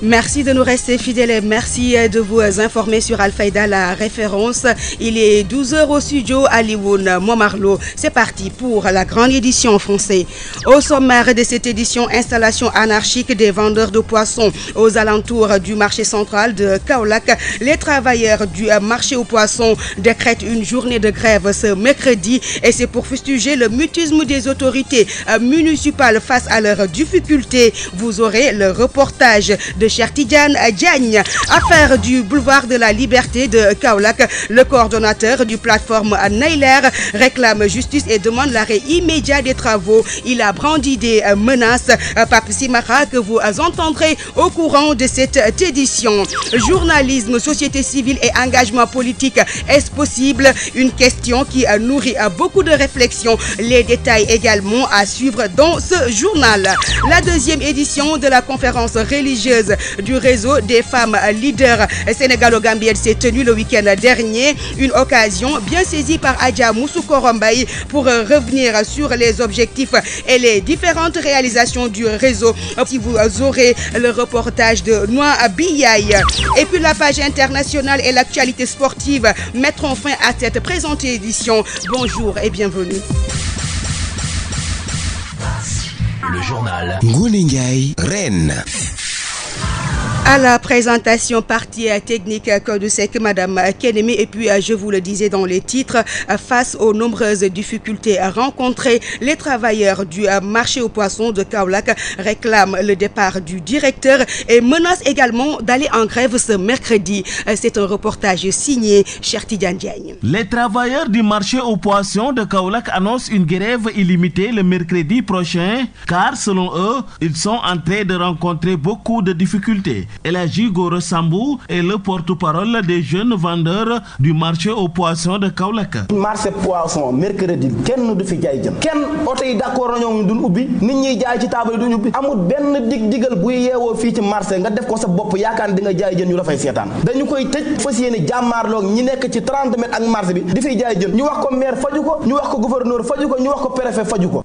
Merci de nous rester fidèles merci euh, de vous euh, informer sur al la référence. Il est 12h au studio à Liwoun, Montmarlo. C'est parti pour la grande édition française. Au sommaire de cette édition, installation anarchique des vendeurs de poissons aux alentours du marché central de Kaolac. Les travailleurs du euh, marché aux poissons décrètent une journée de grève ce mercredi et c'est pour fustiger le mutisme des autorités municipales face à leurs difficultés. Vous aurez le reportage de Cher Tidiane Diagne. Affaire du boulevard de la liberté de Kaolak, le coordonnateur du plateforme Nailer réclame justice et demande l'arrêt immédiat des travaux. Il a brandi des menaces. Pape Simara que vous entendrez au courant de cette édition. Journalisme, société civile et engagement politique, est-ce possible Une question qui nourrit beaucoup de réflexions. Les détails également à suivre dans ce journal. La deuxième édition de la conférence religieuse du réseau des femmes leaders sénégalo-gambiennes s'est tenu le week-end dernier. Une occasion bien saisie par Adja Moussoukorombaï pour euh, revenir sur les objectifs et les différentes réalisations du réseau. Si vous aurez le reportage de Noa Biaï. Et puis la page internationale et l'actualité sportive mettront fin à cette présente édition. Bonjour et bienvenue. Le journal Ngoné Rennes. À la présentation partie technique euh, de sec, Madame Kenemi, et puis euh, je vous le disais dans les titres, euh, face aux nombreuses difficultés rencontrées, les travailleurs du marché aux poissons de Kaolac réclament le départ du directeur et menacent également d'aller en grève ce mercredi. C'est un reportage signé cher Diagne. Les travailleurs du marché aux poissons de Kaolac annoncent une grève illimitée le mercredi prochain, car selon eux, ils sont en train de rencontrer beaucoup de difficultés Elagi Goresambou est le porte-parole des jeunes vendeurs du marché aux poissons de Kaolack. marché poisson mercredi kenn du fi jaay jën kenn oto yi d'accord nañoo duñ ubi, nit ñiy jaay ci taabal duñ ubbi amul benn dig digal buy ou fi ci marché nga def ko sa bopp yaakaar di nga jaay jën ñu la fay seetaan dañu koy tëj jamar yéene jàmmaarloog ñi nekk ci 30 mètres ak marché bi di fiy jaay jën ñu wax ko maire faju ko ñu wax ko gouverneur faju ko ñu wax ko préfet faju ko.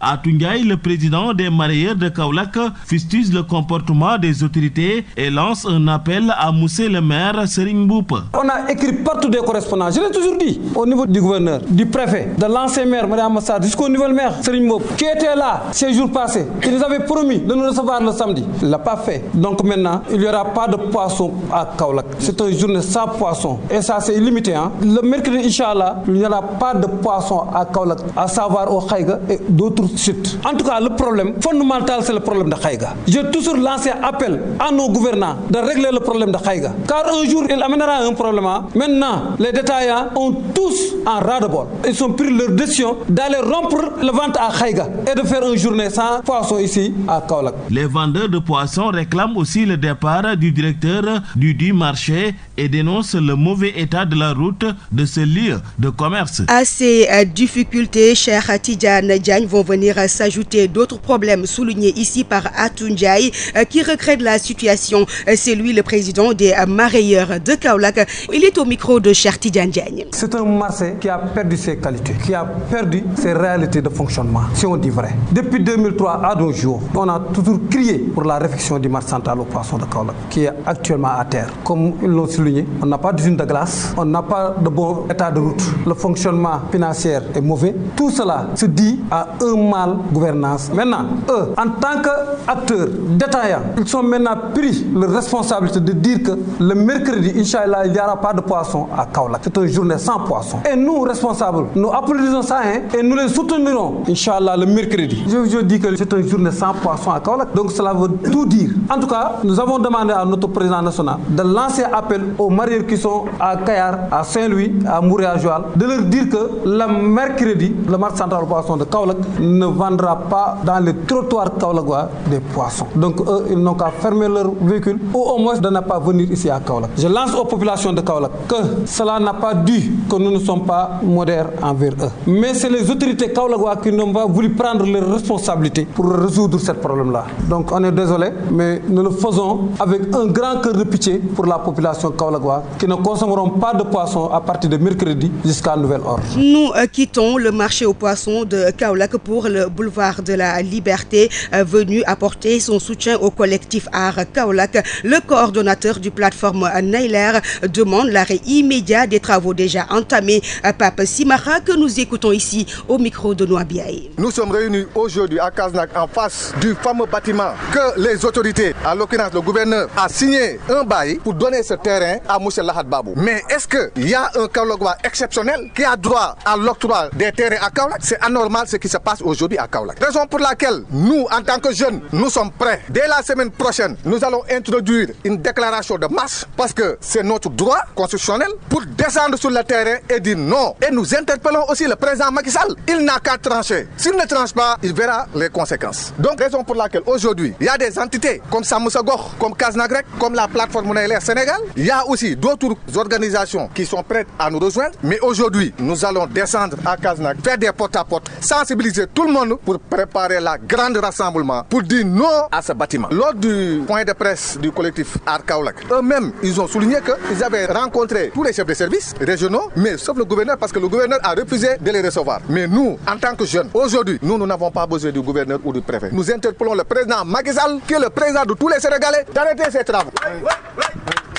le président des mareyeurs de Kaolack fustige le comportement des autorités et lance un appel à Moussé le maire Serimboupe. On a écrit partout des correspondances. Je l'ai toujours dit au niveau du gouverneur, du préfet, de l'ancien maire, Mariam Massad, jusqu'au nouvel maire Serimboupe qui était là ces jours passés, qui nous avait promis de nous recevoir le samedi. Il ne l'a pas fait. Donc maintenant, il n'y aura pas de poisson à Kaolak. C'est une journée sans poisson. Et ça, c'est illimité. Hein. Le mercredi, Inch'Allah, il n'y aura pas de poisson à Kaolak, à savoir au Khaïga et d'autres sites. En tout cas, le problème fondamental, c'est le problème de Khaïga. J'ai toujours lancé appel à nos gouvernants de régler le problème de Khaïga. Car un jour, il amènera un problème. Maintenant, les détaillants ont tous un ras-de-bol. Ils ont pris leur décision d'aller rompre le ventre à Khaïga et de faire une journée sans poisson ici à Kaolak. Les vendeurs de poissons réclament aussi le départ du directeur du dit marché et dénoncent le mauvais état de la route de ce lieu de commerce. À ces euh, difficultés, cher Tidjane Diagne, vont venir s'ajouter d'autres problèmes soulignés ici par Atunjaï euh, qui regrette la situation c'est lui le président des marailleurs de Kaolac. Il est au micro de Charti Diagne. C'est un marché qui a perdu ses qualités, qui a perdu ses réalités de fonctionnement, si on dit vrai. Depuis 2003 à nos jours, on a toujours crié pour la réfection du marché central au poisson de Kaolac, qui est actuellement à terre. Comme ils l'ont souligné, on n'a pas d'usine de glace, on n'a pas de bon état de route, le fonctionnement financier est mauvais. Tout cela se dit à un mal gouvernance. Maintenant, eux, en tant qu'acteurs détaillants, ils sont maintenant pris le reste c'est de dire que le mercredi, Inch'Allah, il n'y aura pas de poisson à Kaolak. C'est une journée sans poisson. Et nous, responsables, nous applaudissons ça hein, et nous les soutenirons, Inch'Allah, le mercredi. Je, dis que c'est une journée sans poisson à Kaolak. Donc cela veut tout dire. En tout cas, nous avons demandé à notre président national de lancer appel aux mariés qui sont à Kayar, à Saint-Louis, à Mouré, à de leur dire que le mercredi, le marché central poisson de Kaolak ne vendra pas dans les trottoirs kaolagois des poissons. Donc eux, ils n'ont qu'à fermer leur véhicule au moins de ne pas venir ici à Kaolak. Je lance aux populations de Kaolak que cela n'a pas dû que nous ne sommes pas modères envers eux. Mais c'est les autorités kaolackois qui n'ont pas voulu prendre les responsabilités pour résoudre ce problème-là. Donc on est désolé, mais nous le faisons avec un grand cœur de pitié pour la population kaolackoise qui ne consommeront pas de poissons à partir de mercredi jusqu'à nouvelle ordre. Nous euh, quittons le marché aux poissons de Kaolak pour le boulevard de la Liberté, euh, venu apporter son soutien au collectif Art Kaolack le coordonnateur du plateforme Nailer demande l'arrêt immédiat des travaux déjà entamés. à Pape Simara, que nous écoutons ici au micro de Noabiaï. Nous sommes réunis aujourd'hui à Kaznak en face du fameux bâtiment que les autorités, à l'occurrence le gouverneur, a signé un bail pour donner ce terrain à Moussel Lahad Babou. Mais est-ce qu'il y a un Kaulogwa exceptionnel qui a droit à l'octroi des terrains à Kaolak C'est anormal ce qui se passe aujourd'hui à Kaulak. Raison pour laquelle nous, en tant que jeunes, nous sommes prêts. Dès la semaine prochaine, nous allons introduire une déclaration de masse parce que c'est notre droit constitutionnel pour descendre sur le terrain et dire non. Et nous interpellons aussi le président Macky Sall. Il n'a qu'à trancher. S'il ne tranche pas, il verra les conséquences. Donc, raison pour laquelle aujourd'hui, il y a des entités comme Samoussa comme Kaznagrek, comme la plateforme monétaire Sénégal. Il y a aussi d'autres organisations qui sont prêtes à nous rejoindre. Mais aujourd'hui, nous allons descendre à Kaznak, faire des porte à porte, sensibiliser tout le monde pour préparer la grande rassemblement, pour dire non à ce bâtiment. Lors du point de presse du collectif arcaolac. Eux-mêmes, ils ont souligné qu'ils avaient rencontré tous les chefs de service régionaux, mais sauf le gouverneur, parce que le gouverneur a refusé de les recevoir. Mais nous, en tant que jeunes, aujourd'hui, nous, nous n'avons pas besoin du gouverneur ou du préfet. Nous interpellons le président Maguizal, qui est le président de tous les Sénégalais, d'arrêter ces travaux.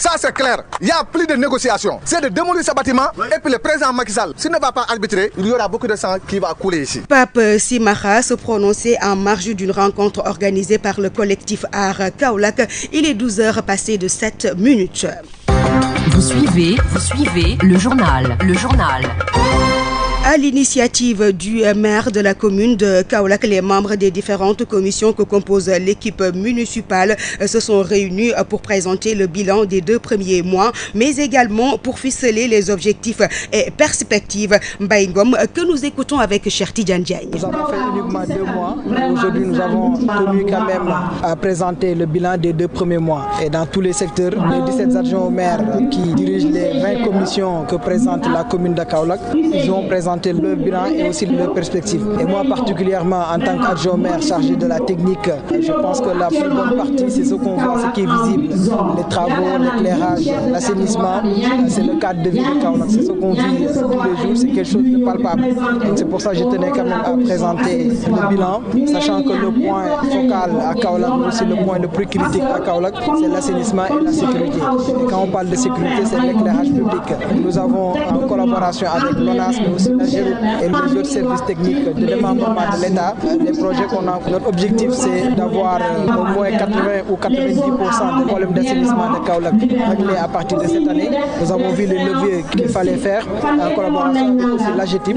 Ça, c'est clair. Il n'y a plus de négociation. C'est de démolir ce bâtiment. Et puis le président Macky Sall, s'il ne va pas arbitrer, il y aura beaucoup de sang qui va couler ici. Pape Simaha se prononçait en marge d'une rencontre organisée par le collectif Art Kaolak. Il est 12 heures passées de 7 minutes. Vous suivez, vous suivez le journal, le journal. À l'initiative du maire de la commune de Kaolac, les membres des différentes commissions que compose l'équipe municipale euh, se sont réunis pour présenter le bilan des deux premiers mois, mais également pour ficeler les objectifs et perspectives. Mbaïngom, que nous écoutons avec Cherti Djandjani. Aujourd'hui, nous avons tenu quand même à présenter le bilan des deux premiers mois. Et dans tous les secteurs, les 17 ah. adjoints au maire qui dirigent les 20 commissions que présente la commune d'Akaolak, ils ont présenté leur bilan et aussi leur perspective. Et moi particulièrement, en tant qu'adjoint au maire chargé de la technique, je pense que la plus bonne partie, c'est ce qu'on voit, ce qui est visible. Les travaux, l'éclairage, l'assainissement, c'est le cadre de vie de C'est ce qu'on vit tous les jours, c'est quelque chose de palpable. C'est pour ça que je tenais quand même à présenter le bilan, sachant que le point focal à Kaolack, c'est le point le plus critique à Kaolack, c'est l'assainissement et la sécurité. Et quand on parle de sécurité, c'est l'éclairage public. Nous avons, en collaboration avec l'ONAS, mais aussi la et les autres services techniques de démembrement de l'État, les projets qu'on a. Notre objectif, c'est d'avoir euh, au moins 80 ou 90% des problèmes d'assainissement de Kaolack réglés à partir de cette année. Nous avons vu les leviers qu'il fallait faire en collaboration avec l'AGTIP.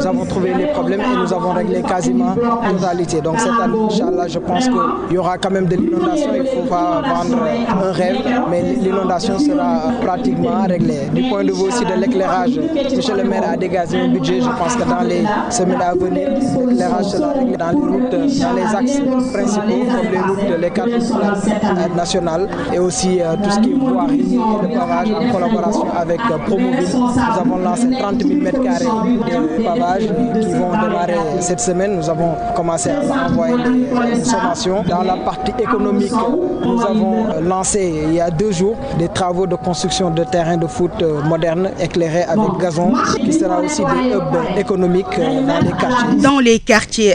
Nous avons trouvé les problèmes et nous avons réglé quasiment une totalité donc cette année, Inch'Allah, je pense qu'il y aura quand même de l'inondation. Il ne faut pas vendre un rêve, mais l'inondation sera pratiquement réglée. Du point de vue aussi de l'éclairage, M. le maire a dégagé un budget. Je pense que dans les semaines à venir, l'éclairage sera réglé dans les routes, dans les axes principaux, comme les routes, de l'école national et aussi euh, tout ce qui est voirie de le pavage en collaboration avec euh, Nous avons lancé 30 000 m2 de pavage qui vont démarrer cette semaine. Nous avons commencé à dans la partie économique, nous avons euh, lancé il y a deux jours des travaux de construction de terrains de foot euh, modernes éclairés avec gazon, qui sera aussi des hubs économiques euh, dans les quartiers. Dans les quartiers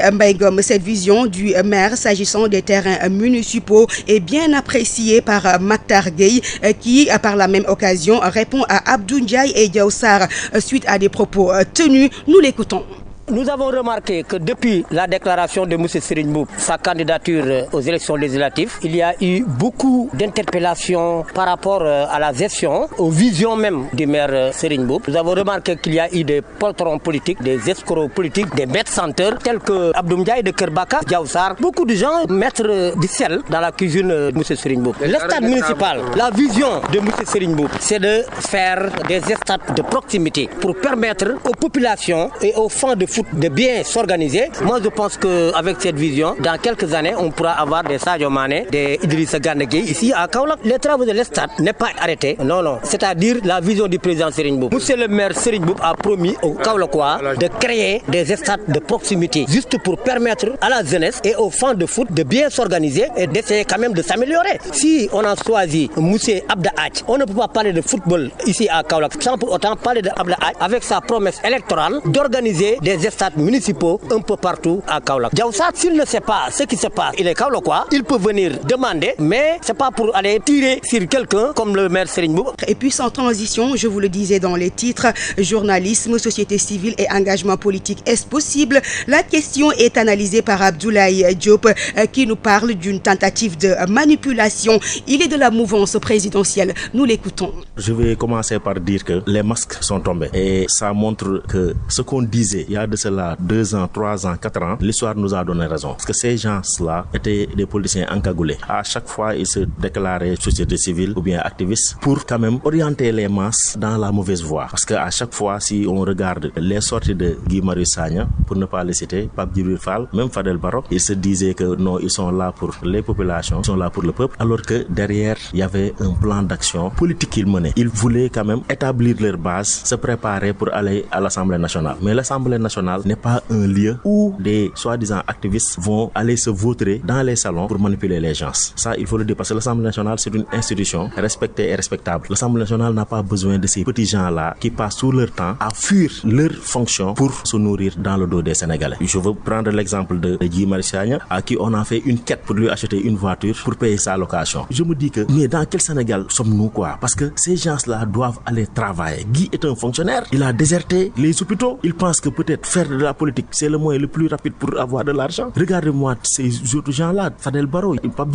cette vision du maire s'agissant des terrains municipaux est bien appréciée par Maktar Gueye, qui, par la même occasion, répond à Abdou et sar suite à des propos tenus. Nous l'écoutons. Nous avons remarqué que depuis la déclaration de M. Serigne Boub, sa candidature euh, aux élections législatives, il y a eu beaucoup d'interpellations par rapport euh, à la gestion, aux visions même du maire euh, Serigne Boub. Nous avons remarqué qu'il y a eu des poltrons politiques, des escrocs politiques, des bêtes senteurs tels que Abdoum de Kerbaka, Diaoussar. Beaucoup de gens mettent du sel dans la cuisine de M. Serigne Boub. L'État municipal, la vision de M. Serigne Boub, c'est de faire des états de proximité pour permettre aux populations et aux fonds de de bien s'organiser, moi je pense qu'avec cette vision, dans quelques années, on pourra avoir des Sadio Mané, des Idrissa Gandegui ici à Kaolack. Les travaux de l'Estat n'est pas arrêté. Non, non. C'est-à-dire la vision du président Serigne Boub. Monsieur le maire Serigne a promis aux Kaolackois de créer des stades de proximité juste pour permettre à la jeunesse et aux fans de foot de bien s'organiser et d'essayer quand même de s'améliorer. Si on a choisi Moussé Abda on ne peut pas parler de football ici à Kaolack. sans pour autant parler de Abda avec sa promesse électorale d'organiser des stades municipaux un peu partout à Kaolack. Diawsat, s'il ne sait pas ce qui se passe, il est quoi. il peut venir demander, mais c'est pas pour aller tirer sur quelqu'un comme le maire Serigne Et puis sans transition, je vous le disais dans les titres, journalisme, société civile et engagement politique, est-ce possible? La question est analysée par Abdoulaye Diop euh, qui nous parle d'une tentative de manipulation. Il est de la mouvance présidentielle. Nous l'écoutons. Je vais commencer par dire que les masques sont tombés et ça montre que ce qu'on disait il y a de cela deux ans, trois ans, quatre ans, l'histoire nous a donné raison. Parce que ces gens-là étaient des politiciens encagoulés. À chaque fois, ils se déclaraient société civile ou bien activistes pour quand même orienter les masses dans la mauvaise voie. Parce qu'à chaque fois, si on regarde les sorties de Guy marie Sagna, pour ne pas les citer, Pape Djibril même Fadel Barok, ils se disaient que non, ils sont là pour les populations, ils sont là pour le peuple, alors que derrière, il y avait un plan d'action politique qu'ils menaient. Ils voulaient quand même établir leur base, se préparer pour aller à l'Assemblée nationale. Mais l'Assemblée nationale n'est pas un lieu où des soi-disant activistes vont aller se vautrer dans les salons pour manipuler les gens. Ça, il faut le dire parce que l'Assemblée nationale, c'est une institution respectée et respectable. L'Assemblée nationale n'a pas besoin de ces petits gens-là qui passent tout leur temps à fuir leurs fonctions pour se nourrir dans le dos des Sénégalais. Je veux prendre l'exemple de Guy Marissiania à qui on a fait une quête pour lui acheter une voiture pour payer sa location. Je me dis que, mais dans quel Sénégal sommes-nous quoi Parce que ces gens-là doivent aller travailler. Guy est un fonctionnaire, il a déserté les hôpitaux, il pense que peut-être faire de la politique, c'est le moyen le plus rapide pour avoir de l'argent. Regardez-moi ces autres gens-là, Fadel Barrow, Pape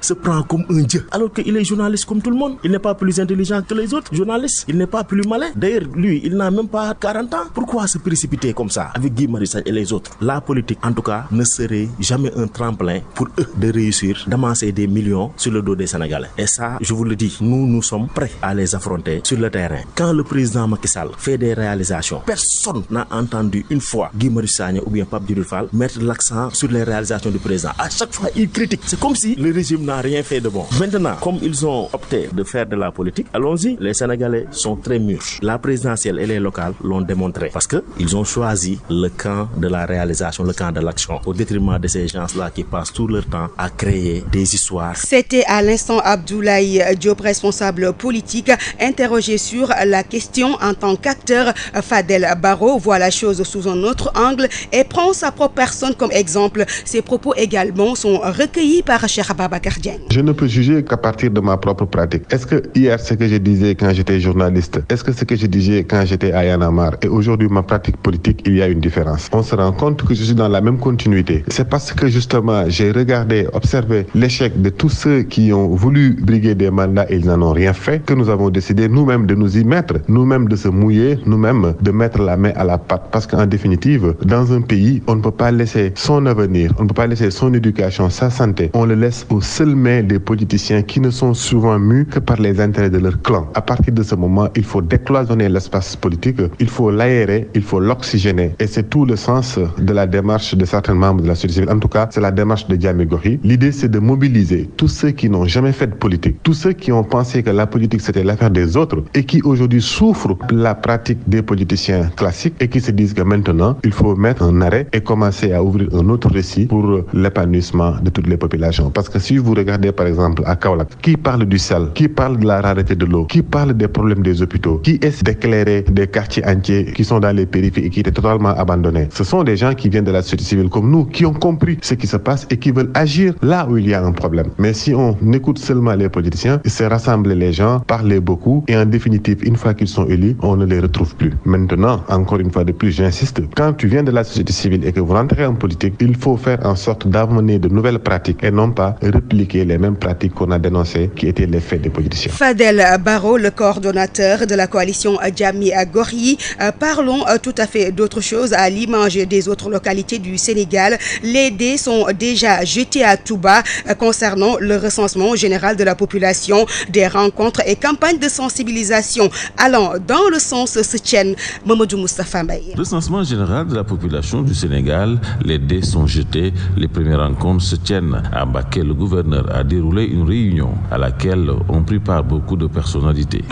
se prend comme un dieu, alors qu'il est journaliste comme tout le monde. Il n'est pas plus intelligent que les autres journalistes, il n'est pas plus malin. D'ailleurs, lui, il n'a même pas 40 ans. Pourquoi se précipiter comme ça avec Guy Marissa et les autres La politique, en tout cas, ne serait jamais un tremplin pour eux de réussir, d'amasser des millions sur le dos des Sénégalais. Et ça, je vous le dis, nous, nous sommes prêts à les affronter sur le terrain. Quand le président Macky Sall fait des réalisations, personne n'a entendu une fois Guy Marissagne ou bien Pape Dirufal mettre l'accent sur les réalisations du président. À chaque fois, ils critiquent. C'est comme si le régime n'a rien fait de bon. Maintenant, comme ils ont opté de faire de la politique, allons-y. Les Sénégalais sont très mûrs. La présidentielle et les locales l'ont démontré parce que ils ont choisi le camp de la réalisation, le camp de l'action, au détriment de ces gens-là qui passent tout leur temps à créer des histoires. C'était à l'instant Abdoulaye Diop, responsable politique, interrogé sur la question en tant qu'acteur Fadel Barro. Voilà la chose sous un autre angle et prend sa propre personne comme exemple. ces propos également sont recueillis par Cheikh gardien Je ne peux juger qu'à partir de ma propre pratique. Est-ce que hier, ce que je disais quand j'étais journaliste, est-ce que ce que je disais quand j'étais à Yanamar et aujourd'hui ma pratique politique, il y a une différence On se rend compte que je suis dans la même continuité. C'est parce que justement, j'ai regardé, observé l'échec de tous ceux qui ont voulu briguer des mandats et ils n'en ont rien fait que nous avons décidé nous-mêmes de nous y mettre, nous-mêmes de se mouiller, nous-mêmes de mettre la main à la pâte parce qu'en définitive, dans un pays, on ne peut pas laisser son avenir, on ne peut pas laisser son éducation, sa santé. On le laisse aux seules mains des politiciens qui ne sont souvent mus que par les intérêts de leur clan. À partir de ce moment, il faut décloisonner l'espace politique, il faut l'aérer, il faut l'oxygéner. Et c'est tout le sens de la démarche de certains membres de la société civile. En tout cas, c'est la démarche de Gori. L'idée, c'est de mobiliser tous ceux qui n'ont jamais fait de politique, tous ceux qui ont pensé que la politique, c'était l'affaire des autres et qui aujourd'hui souffrent de la pratique des politiciens classiques et qui se disent que maintenant, il faut mettre un arrêt et commencer à ouvrir un autre récit pour euh, l'épanouissement de toutes les populations. Parce que si vous regardez par exemple à Kaolak, qui parle du sel, qui parle de la rareté de l'eau, qui parle des problèmes des hôpitaux, qui essaie d'éclairer des quartiers entiers qui sont dans les périphéries et qui étaient totalement abandonnés. Ce sont des gens qui viennent de la société civile comme nous, qui ont compris ce qui se passe et qui veulent agir là où il y a un problème. Mais si on écoute seulement les politiciens, c'est rassembler les gens, parler beaucoup et en définitive, une fois qu'ils sont élus, on ne les retrouve plus. Maintenant, encore une fois de plus, j'insiste, quand tu viens de la société civile et que vous rentrez en politique, il faut faire en sorte d'amener de nouvelles pratiques et non pas répliquer les mêmes pratiques qu'on a dénoncées, qui étaient les faits des politiciens. Fadel Barro, le coordonnateur de la coalition Djami Agori, euh, parlons euh, tout à fait d'autre chose à l'image des autres localités du Sénégal. Les dés sont déjà jetés à tout bas euh, concernant le recensement général de la population, des rencontres et campagnes de sensibilisation allant dans le sens se tiennent Mamadou Moustapha Recensement général de la population du Sénégal, les dés sont jetés, les premières rencontres se tiennent. À Baké, le gouverneur a déroulé une réunion à laquelle ont pris part beaucoup de personnalités.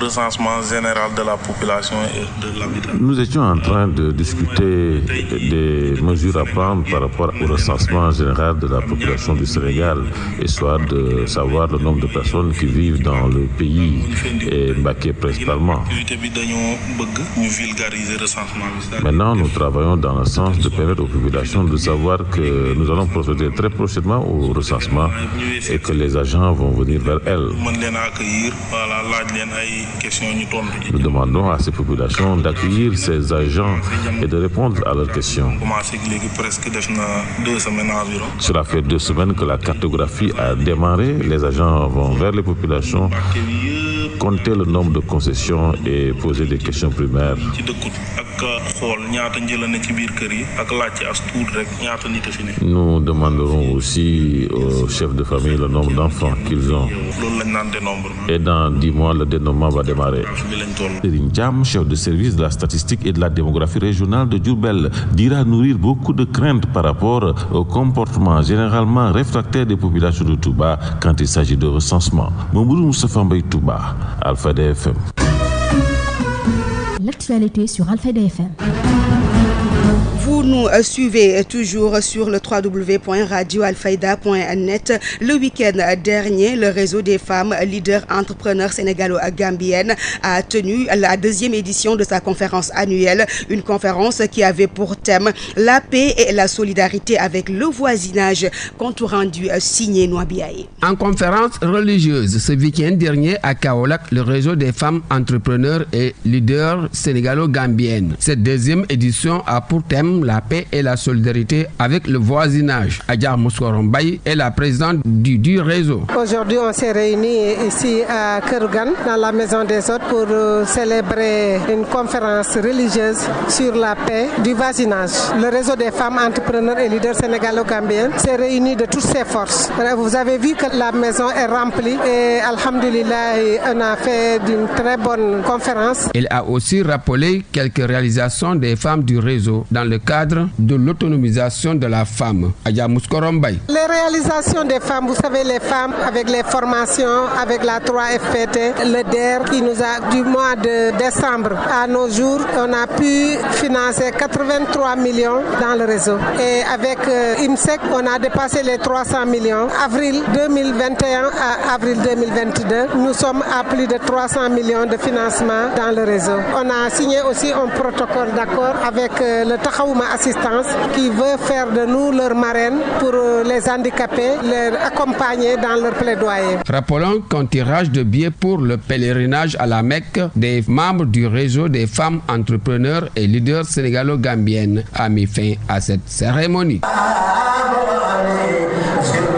recensement général de la population Nous étions en train de discuter des mesures à prendre par rapport au recensement général de la population du Sénégal, histoire de savoir le nombre de personnes qui vivent dans le pays et Baké principalement. Maintenant, nous travaillons dans le sens de permettre aux populations de savoir que nous allons procéder très prochainement au recensement et que les agents vont venir vers elles. Nous demandons à ces populations d'accueillir ces agents et de répondre à leurs questions. Cela fait deux semaines que la cartographie a démarré. Les agents vont vers les populations compter le nombre de concessions et poser des questions primaires. Nous demanderons aussi aux chefs de famille le nombre d'enfants qu'ils ont. Et dans dix mois, le dénombrement va démarrer. Jam, chef de service de la statistique et de la démographie régionale de Djoubel, dira nourrir beaucoup de craintes par rapport au comportement généralement réfractaire des populations de Touba quand il s'agit de recensement. Moumourou Moussa Touba, Alpha DFM. L'actualité sur Alpha DFM. Vous nous suivez toujours sur le www.radioalfaida.net. Le week-end dernier, le réseau des femmes leaders entrepreneurs sénégalo-gambiennes a tenu la deuxième édition de sa conférence annuelle. Une conférence qui avait pour thème la paix et la solidarité avec le voisinage, compte rendu signé Noabiae. En conférence religieuse ce week-end dernier à Kaolak, le réseau des femmes entrepreneurs et leaders sénégalo-gambiennes. Cette deuxième édition a pour thème la paix et la solidarité avec le voisinage. Adja Moussorombaye est la présidente du, du réseau. Aujourd'hui, on s'est réunis ici à Kerugan, dans la maison des autres, pour euh, célébrer une conférence religieuse sur la paix du voisinage. Le réseau des femmes entrepreneurs et leaders sénégalo-gambiennes s'est réuni de toutes ses forces. Vous avez vu que la maison est remplie et Alhamdulillah, on a fait une très bonne conférence. Il a aussi rappelé quelques réalisations des femmes du réseau dans le cadre de l'autonomisation de la femme. Adja Mouskorombay. Les réalisations des femmes, vous savez, les femmes avec les formations, avec la 3FPT, le DER qui nous a, du mois de décembre à nos jours, on a pu financer 83 millions dans le réseau. Et avec euh, IMSEC, on a dépassé les 300 millions. Avril 2021 à avril 2022, nous sommes à plus de 300 millions de financement dans le réseau. On a signé aussi un protocole d'accord avec euh, le Tahaou ma Assistance qui veut faire de nous leur marraine pour euh, les handicapés, les accompagner dans leur plaidoyer. Rappelons qu'un tirage de billets pour le pèlerinage à la Mecque des membres du réseau des femmes entrepreneurs et leaders sénégalo-gambiennes a mis fin à cette cérémonie. Ah, ah, ah,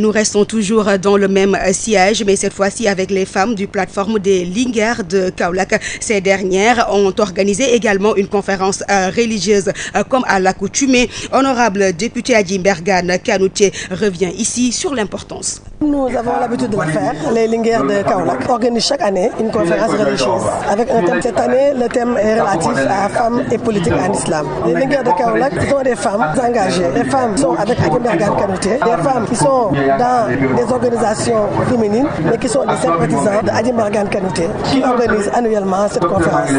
nous restons toujours dans le même euh, siège, mais cette fois-ci avec les femmes du plateforme des Lingers de Kaulak. Ces dernières ont organisé également une conférence euh, religieuse euh, comme à l'accoutumée. Honorable député Adjim Bergan Kanoutier revient ici sur l'importance. Nous avons l'habitude de le faire. Les Lingers de Kaulak organisent chaque année une conférence religieuse avec un thème cette année. Le thème est relatif à femmes et politique en islam. Les Lingers de Kaulak sont des femmes engagées. Les femmes sont avec Adjim Kanouté. Les femmes sont dans des organisations féminines, mais qui sont des sympathisants d'Adi Margan Kanouté, qui organise annuellement cette conférence.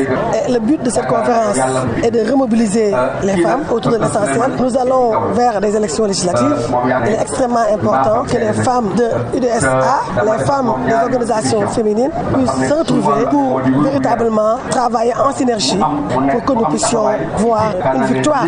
le but de cette conférence est de remobiliser les femmes autour de l'essentiel. Nous allons vers des élections législatives. Euh, Il est extrêmement important que les femmes de UDSA, les femmes des organisations féminines, puissent se retrouver pour véritablement travailler en synergie pour que nous puissions voir une victoire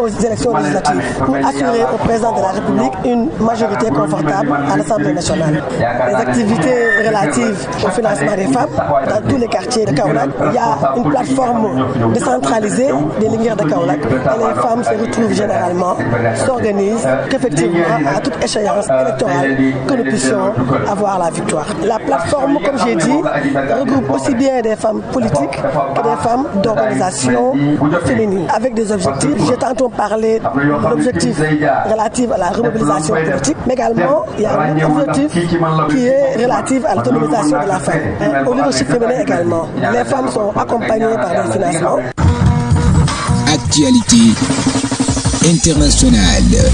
aux élections législatives, pour assurer au président de la République une majorité majorité confortable à l'Assemblée nationale. Les activités relatives au financement des femmes dans tous les quartiers de Kaolak, il y a une plateforme décentralisée des lumières de Kaolak les femmes se retrouvent généralement, s'organisent effectivement à toute échéance électorale que nous puissions avoir la victoire. La plateforme, comme j'ai dit, regroupe aussi bien des femmes politiques que des femmes d'organisation féminine, avec des objectifs. J'ai tantôt parlé de l'objectif relatif à la remobilisation mais également, il y a un objectif qui est relatif à l'autonomisation de la femme, hein, au leadership féminin également. Les femmes sont accompagnées par des financements. Actualité internationale.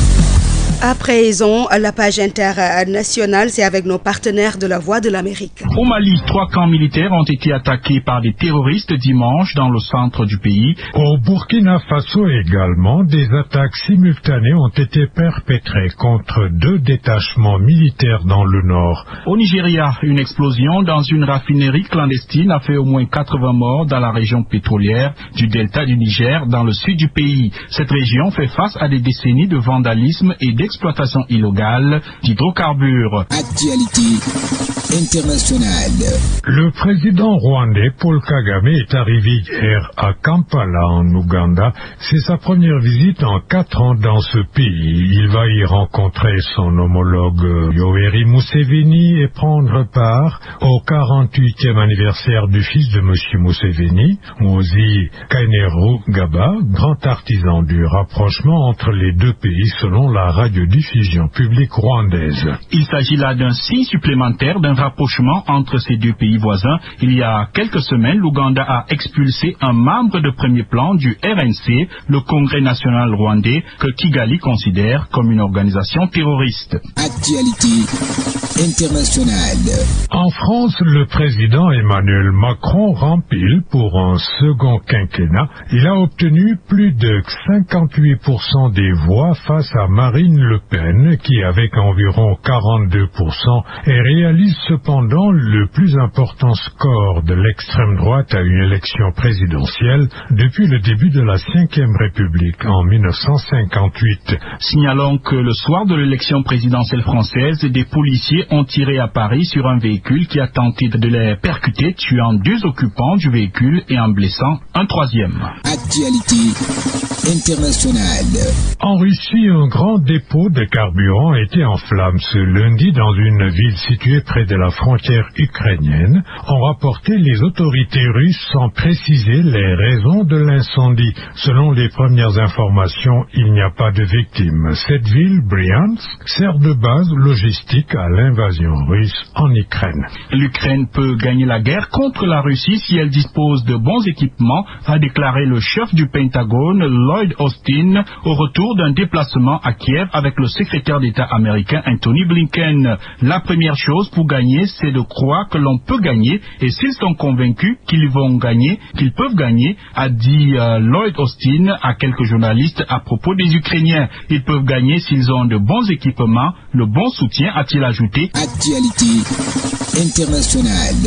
À présent, la page internationale, c'est avec nos partenaires de la Voix de l'Amérique. Au Mali, trois camps militaires ont été attaqués par des terroristes dimanche dans le centre du pays. Au Burkina Faso également, des attaques simultanées ont été perpétrées contre deux détachements militaires dans le nord. Au Nigeria, une explosion dans une raffinerie clandestine a fait au moins 80 morts dans la région pétrolière du delta du Niger, dans le sud du pays. Cette région fait face à des décennies de vandalisme et d'explosions exploitation illégale d'hydrocarbures. Actualité internationale. Le président rwandais Paul Kagame est arrivé hier à Kampala en Ouganda. C'est sa première visite en quatre ans dans ce pays. Il va y rencontrer son homologue euh, Yoweri Museveni et prendre part au 48e anniversaire du fils de M. Museveni, Mozi Kaineru Gaba, grand artisan du rapprochement entre les deux pays selon la radio de diffusion publique rwandaise. Il s'agit là d'un signe supplémentaire d'un rapprochement entre ces deux pays voisins. Il y a quelques semaines, l'Ouganda a expulsé un membre de premier plan du RNC, le Congrès national rwandais, que Kigali considère comme une organisation terroriste. Actualité internationale. En France, le président Emmanuel Macron rempile pour un second quinquennat. Il a obtenu plus de 58% des voix face à Marine Le le Pen, qui avec environ 42%, réalise cependant le plus important score de l'extrême droite à une élection présidentielle depuis le début de la Ve République en 1958. Signalons que le soir de l'élection présidentielle française, des policiers ont tiré à Paris sur un véhicule qui a tenté de les percuter, tuant deux occupants du véhicule et en blessant un troisième. Actualité internationale. En Russie, un grand député dépôt de carburant était en flammes ce lundi dans une ville située près de la frontière ukrainienne, ont rapporté les autorités russes sans préciser les raisons de l'incendie. Selon les premières informations, il n'y a pas de victimes. Cette ville, Bryansk, sert de base logistique à l'invasion russe en Ukraine. L'Ukraine peut gagner la guerre contre la Russie si elle dispose de bons équipements, a déclaré le chef du Pentagone, Lloyd Austin, au retour d'un déplacement à Kiev avec le secrétaire d'État américain Anthony Blinken. La première chose pour gagner, c'est de croire que l'on peut gagner et s'ils sont convaincus qu'ils vont gagner, qu'ils peuvent gagner, a dit euh, Lloyd Austin à quelques journalistes à propos des Ukrainiens. Ils peuvent gagner s'ils ont de bons équipements, le bon soutien, a-t-il ajouté. Actualité internationale.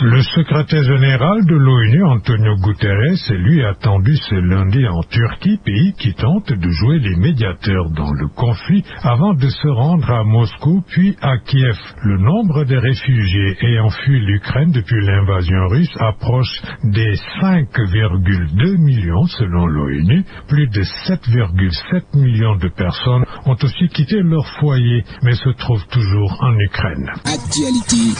Le secrétaire général de l'ONU, Antonio Guterres, est lui attendu ce lundi en Turquie, pays qui tente de jouer les médiateurs dans le conflit avant de se rendre à Moscou puis à Kiev. Le nombre de réfugiés ayant fui l'Ukraine depuis l'invasion russe approche des 5,2 millions selon l'ONU. Plus de 7,7 millions de personnes ont aussi quitté leur foyer mais se trouvent toujours en Ukraine. Actualité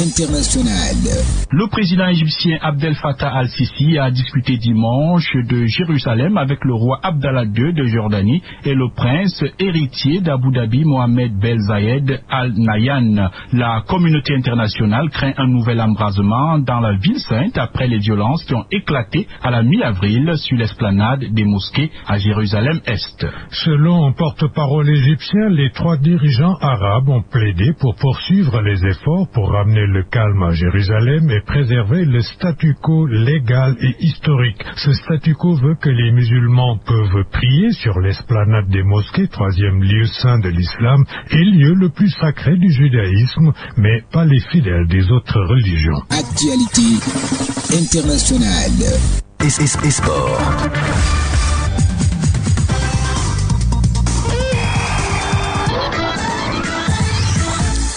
internationale. Le président égyptien Abdel Fattah al-Sisi a discuté dimanche de Jérusalem avec le roi Abdallah II de Jordanie et le prince héritier d'Abu Dhabi Mohamed Bel Zayed Al Nayan. La communauté internationale craint un nouvel embrasement dans la ville sainte après les violences qui ont éclaté à la mi-avril sur l'esplanade des mosquées à Jérusalem-Est. Selon un porte-parole égyptien, les trois dirigeants arabes ont plaidé pour poursuivre les efforts pour ramener le calme à Jérusalem et préserver le statu quo légal et historique. Ce statu quo veut que les musulmans peuvent prier sur l'esplanade des mosquées trois troisième lieu saint de l'islam et lieu le plus sacré du judaïsme, mais pas les fidèles des autres religions. Actualité internationale. et sport.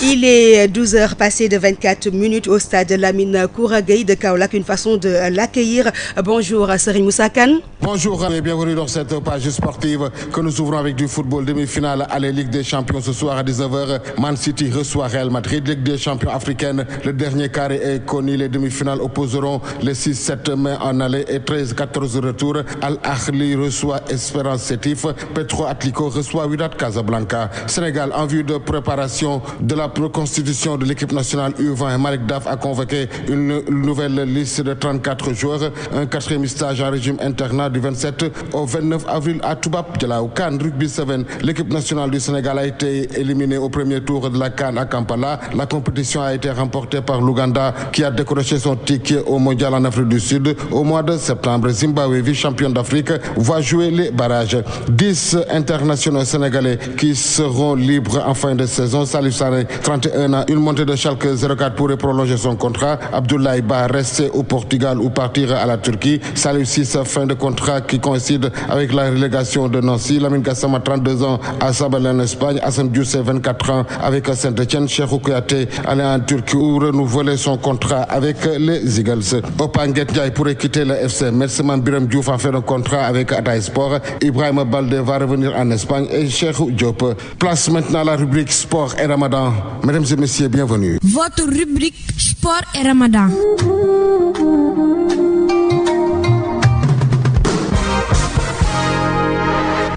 Il est 12 h passées de 24 minutes au stade Lamine Kouragay de Kaolak, une façon de l'accueillir. Bonjour Serine Moussakan. Bonjour et bienvenue dans cette page sportive que nous ouvrons avec du football demi-finale à la Ligue des Champions ce soir à 19h. Man City reçoit Real Madrid, Ligue des Champions africaine. Le dernier carré est connu. Les demi-finales opposeront les 6-7 mai en allée et 13-14 retour. Al-Akhli reçoit Espérance Sétif. Petro Atlico reçoit Widat Casablanca. Sénégal en vue de préparation de la constitution de l'équipe nationale U20, Malik Daf a convoqué une nouvelle liste de 34 joueurs. Un quatrième stage en régime internat du 27 au 29 avril à Toubap de la Cannes Rugby 7. L'équipe nationale du Sénégal a été éliminée au premier tour de la Cannes à Kampala. La compétition a été remportée par l'Ouganda qui a décroché son ticket au Mondial en Afrique du Sud au mois de septembre. Zimbabwe, vice-champion d'Afrique, va jouer les barrages. 10 internationaux sénégalais qui seront libres en fin de saison. Salut Sané 31 ans, une montée de Schalke 04 pourrait prolonger son contrat. Abdoulaye Ba rester au Portugal ou partir à la Turquie. Salut 6, fin de contrat qui coïncide avec la relégation de Nancy. Lamine Gassama, 32 ans, à Sabal en Espagne. Hassan 24 ans, avec Saint-Etienne. Cheikh Kouyaté, allait en Turquie ou renouveler son contrat avec les Eagles. Opanget pourrait quitter le FC. Merci Biram Diouf a fait un contrat avec Ataï Sport. Ibrahim Balde va revenir en Espagne et Cheikh Diop. Place maintenant la rubrique Sport et Ramadan. Mesdames et messieurs, bienvenue. Votre rubrique Sport et Ramadan.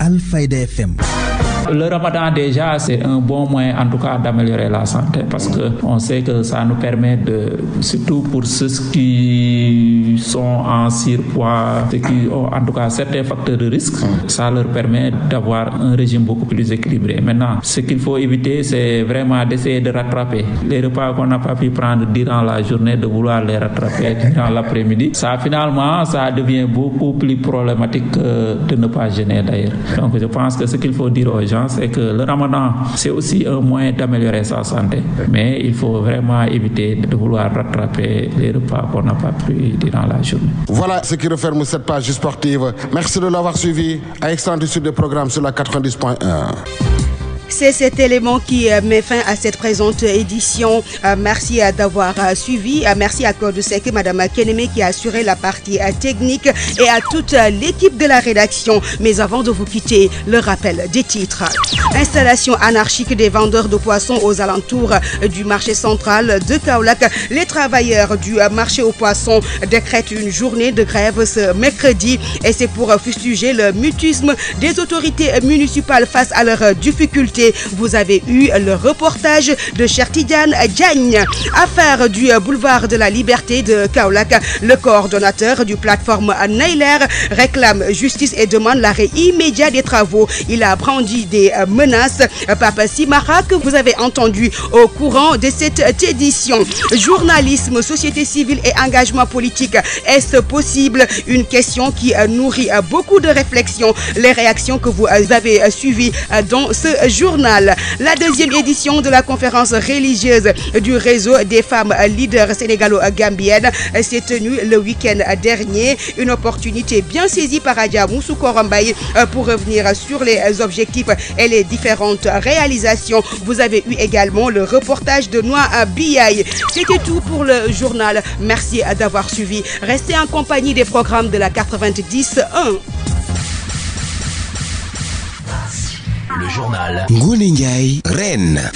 Alpha FM. Le ramadan, déjà, c'est un bon moyen, en tout cas, d'améliorer la santé parce que on sait que ça nous permet de, surtout pour ceux qui sont en surpoids, qui ont en tout cas certains facteurs de risque, ça leur permet d'avoir un régime beaucoup plus équilibré. Maintenant, ce qu'il faut éviter, c'est vraiment d'essayer de rattraper les repas qu'on n'a pas pu prendre durant la journée, de vouloir les rattraper durant l'après-midi. Ça, finalement, ça devient beaucoup plus problématique que de ne pas gêner d'ailleurs. Donc, je pense que ce qu'il faut dire aux gens, c'est et que le ramadan, c'est aussi un moyen d'améliorer sa santé. Mais il faut vraiment éviter de vouloir rattraper les repas qu'on n'a pas pris durant la journée. Voilà ce qui referme cette page sportive. Merci de l'avoir suivi à extendre du Sud programme sur la 90.1. C'est cet élément qui euh, met fin à cette présente édition. Euh, merci euh, d'avoir suivi. Merci à Claude Sec et Madame Keneme qui a assuré la partie technique et à toute l'équipe de la rédaction. Mais avant de vous quitter, le rappel des titres. Installation anarchique des vendeurs de poissons aux alentours du marché central de Kaolak, Les travailleurs du marché aux poissons décrètent une journée de grève ce mercredi et c'est pour fustiger le mutisme des autorités municipales face à leurs difficultés vous avez eu le reportage de Chertidiane Diagne. Affaire du boulevard de la liberté de Kaolak, le coordonnateur du plateforme Nailer réclame justice et demande l'arrêt immédiat des travaux. Il a brandi des menaces. Papa Simara, que vous avez entendu au courant de cette édition. Journalisme, société civile et engagement politique, est-ce possible Une question qui nourrit beaucoup de réflexions. Les réactions que vous avez suivies dans ce jour la deuxième édition de la conférence religieuse du réseau des femmes leaders sénégalo-gambiennes s'est tenue le week-end dernier. Une opportunité bien saisie par Adja Moussoukorambaye euh, pour revenir sur les objectifs et les différentes réalisations. Vous avez eu également le reportage de Noa Biaï. C'était tout pour le journal. Merci d'avoir suivi. Restez en compagnie des programmes de la 90.1. Le journal Ngoné Rennes.